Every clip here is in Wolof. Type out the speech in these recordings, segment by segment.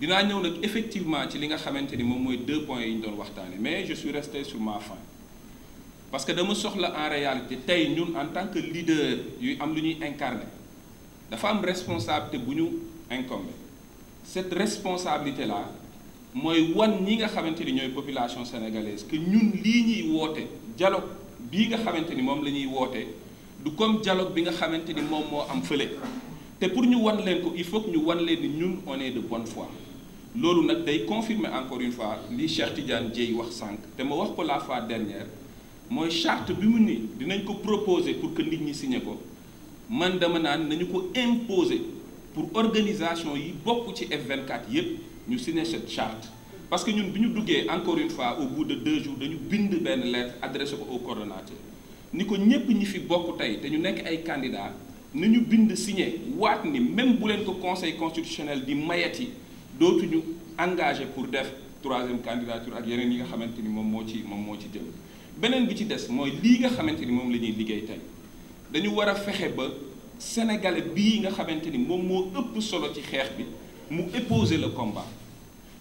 dinaa ñëw nag effectivement ci li nga xamante ni moom mooy deux points yi ñu doon waxtaane mais je suis resté sur ma faim parce que dama soxla en réalité tey ñun en tant que leader yuy am lu ñuy incarné dafa am responsabilité bu ñu incombé cette responsabilité la mooy wan ñi nga xamante ni ñooy population sénégalaise ki ñun lii ñuy woote dialogue bii nga xamante ni moom la ñuy woote du comme dialogue bi nga xamante ni moom moo am fële te pour ñu wan leen ko il faut ñu wan leen ni ñun on de bonne fois loolu nag day confirmer encore une fois li Cheikh Tidiane wax sànq te ma wax ko la fois dernière mooy charte bi mu ni dinañ ko proposer pour que nit ñi signé ko man dama naan nañu ko imposer pour organisation yi bokk ci F24 yépp ñu signé cette charte parce que ñun bi ñu duggee encore une fois au bout de deux jours dañu bind benn lettre adressé ko au coordonnateur ni ko ñépp ñi fi bokk tey te ñu nekk ay candidats ni ñu bind signé waat ni même bu leen ko conseil constitutionnel di mayati dootuñu engagé pour def troisième candidature ak yeneen yi nga xamante ni moom moo ci moom moo ci jël beneen bi ci des mooy lii nga xamante ni moom la ñuy liggéey tey dañu war a fexe ba sénégalais bii nga xamante ni moom moo ëpp solo ci xeex bi mu épouser le combat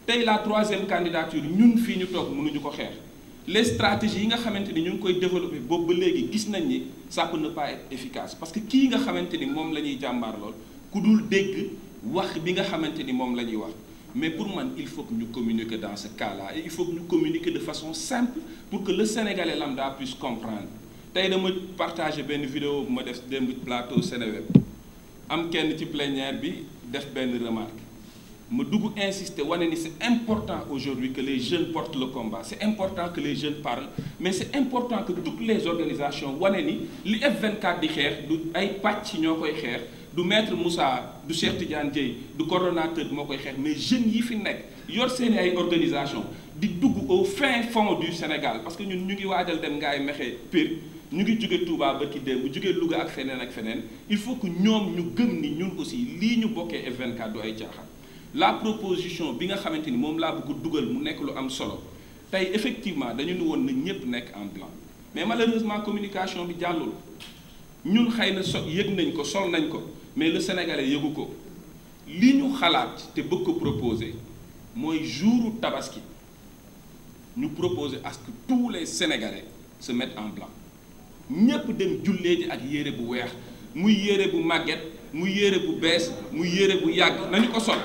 tey la troisième candidature ñun fii ñu toog mënuñu ko xeex les stratégies yi nga xamante ni ñu ngi koy développer boobu ba léegi gis nañ ni ça na ne pas efficace parce que kii nga xamante ni moom la ñuy jàmbaar lool ku dul dégg wax bi nga xamante ni moom la ñuy wax mais pour man il faut que ñu communiquer dans ce cas-là et il faut que ñu communiquer de façon simple pour que le Sénégalais lambda puisse comprendre tey dama partager benn vidéo bu ma def démb plateau Sénéweb am kenn ci plénière bi def benn remarque ma dugg insister wane ni c'est important aujourd'hui que les jeunes porte le combat c'est important que les jeunes parlent mais c'est important que toutes les organisation wane ni li F24 di xeex du ay pàcc ñoo koy xeex du maître Moussa du Cheikh Tidiane Dieye du coordonnateur moo koy xeex mais jeunes yi fi nekk yor seeni ay organisation di dugg au fin fond du Sénégal parce que ñun ñu ngi waajal dem ngaay mexe Pire ñu ngi jóge Touba ba ki démb jugee Louga ak feneen ak feneen il faut que ñoom ñu gëm ni ñun aussi lii ñu bokkee f ay caaxaan la proposition bi nga xamante ni moom laa bëgg dugal mu nekk lu am solo tey effectivement dañu ni woon na ñëpp nekk en blanc mais malheureusement communication bi jàllul ñun xëy na so yëg nañ ko sol nañ ko mais le sénégalais yëgu ko li ñu xalaat te bëgg ko proposer mooy jouru tabaski ñu proposer à ce que tous les sénégalais se mettent en blanc ñépp dem jullee ji ak yére bu weex muy yére bu màgget muy yére bu bees muy yére bu yàgg nañu ko sol